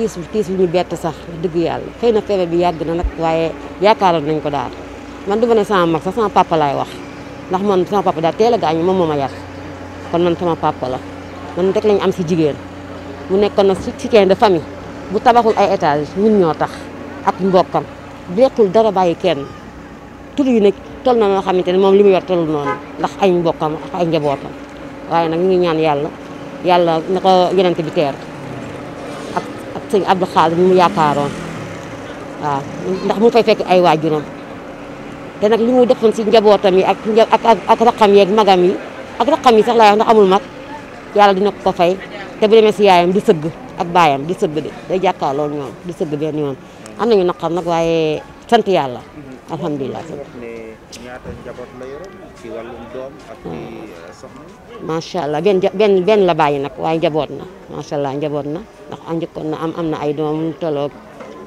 tiisul tiisul ñu bett sax dëgg yàlla xëy na feebar bi yàgg na nag waaye yaakaaroon nañ ko daal man du ma ne sama mag sax sama papa laay wax ndax man sama papa daal teel a gaañu moom moo ma yar kon man sama papa la man rek lañ am si jigéen mu nekkoon na soutien de famille bu tabaxul ay étage ñun ñoo tax ak mbokkam dekkul dara bàyyi kenn tur yi nag toll na noo xamante ne moom li mu yor tollu noonu ndax ay mbokkam ak ay njabootam waaye nag ñu ngi ñaan yàlla yàlla na sëñ Abdou Khadre mi mu yaakaaroon waaw ndax mu fay fekk ay waajuram te nag li mu defoon si njabootam yi ak ak ak raqam yeeg magam yi ak raqam yi sax laa wax ndax amul mag yàlla dina ko ko fay te bu demee si yaayam di sëgg ak baayam di sëgg de day jàkkaarloo ñoom di sëgg benn yoon am nañu naqar nag waaye sant yàlla alhamdulilah. macha allah benn benn benn la nag waaye njaboot na macha allah njaboot na ndax na am am na ay doom tolloog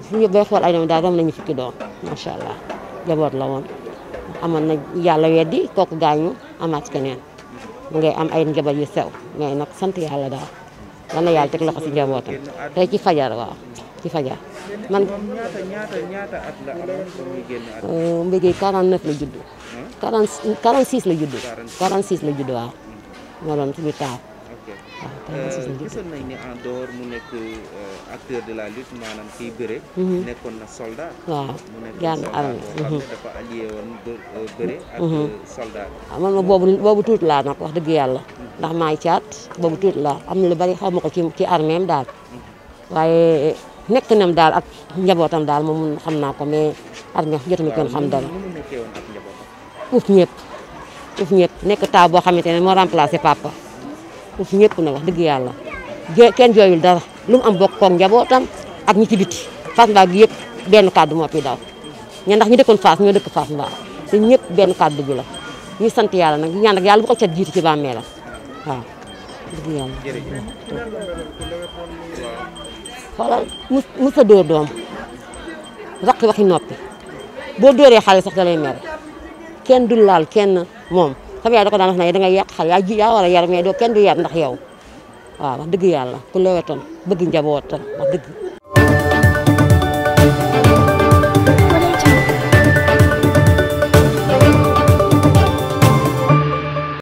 fu ñu bay xool ay doom daal doom nañu fukki doom macha allah njaboot la woon na yàlla weddi kooku gaañu amaat keneen mu ngay am ay njaboot yu sew mais nag sant yàlla daal yal na yàlla teg loxo si njabootam te ci fajar waaw ci fajar man. ñaata la amoon 46 46 la judd. 46 la judd waaw. moo doon suñu taaw. ok euh, gisoon nañ ne euh, la lutte maanaam kiy bëre. Mhm. nekkoon waaw jaar na armée mu mhm. euh, mhm. ah, boobu boobu laa nag wax dëgg yàlla. ndax maay caat boobu tuuti laa am na lu bari xaw ma ko ci ci armée daal. waaye nekk nam daal ak njabootam daal moom xam naa ko mais armée jotuma kenn xam dara. uuf ñëpp uuf ñëpp nekk taaw ne moo remplacé papa uuf ñëpp na wax dëgg yàlla kenn jooyul dara lu mu am bokk koog njabootam ak ñi ci biti Fass Mbao gi yëpp benn kàddu moo fi daw ña ndax ñu dëkkoon Fass ñoo dëkk Fass Mbao te ñëpp benn kàddu bi la ñuy sant yàlla nag ñaan nag yàlla bu ko cat jiitu ci bàmmeelam waaw dëgg yàlla a dóor doom raqi waxi noppi boo dóoree xale sax da lay kenn du laal kenn moom sama yaay da ko daan wax na da ngay yàq xale yaa ji ya war a yar mais doo kenn du yar ndax yow waaw wax dëgg yàlla ku lewetoon bëgg njabootam wax dëgg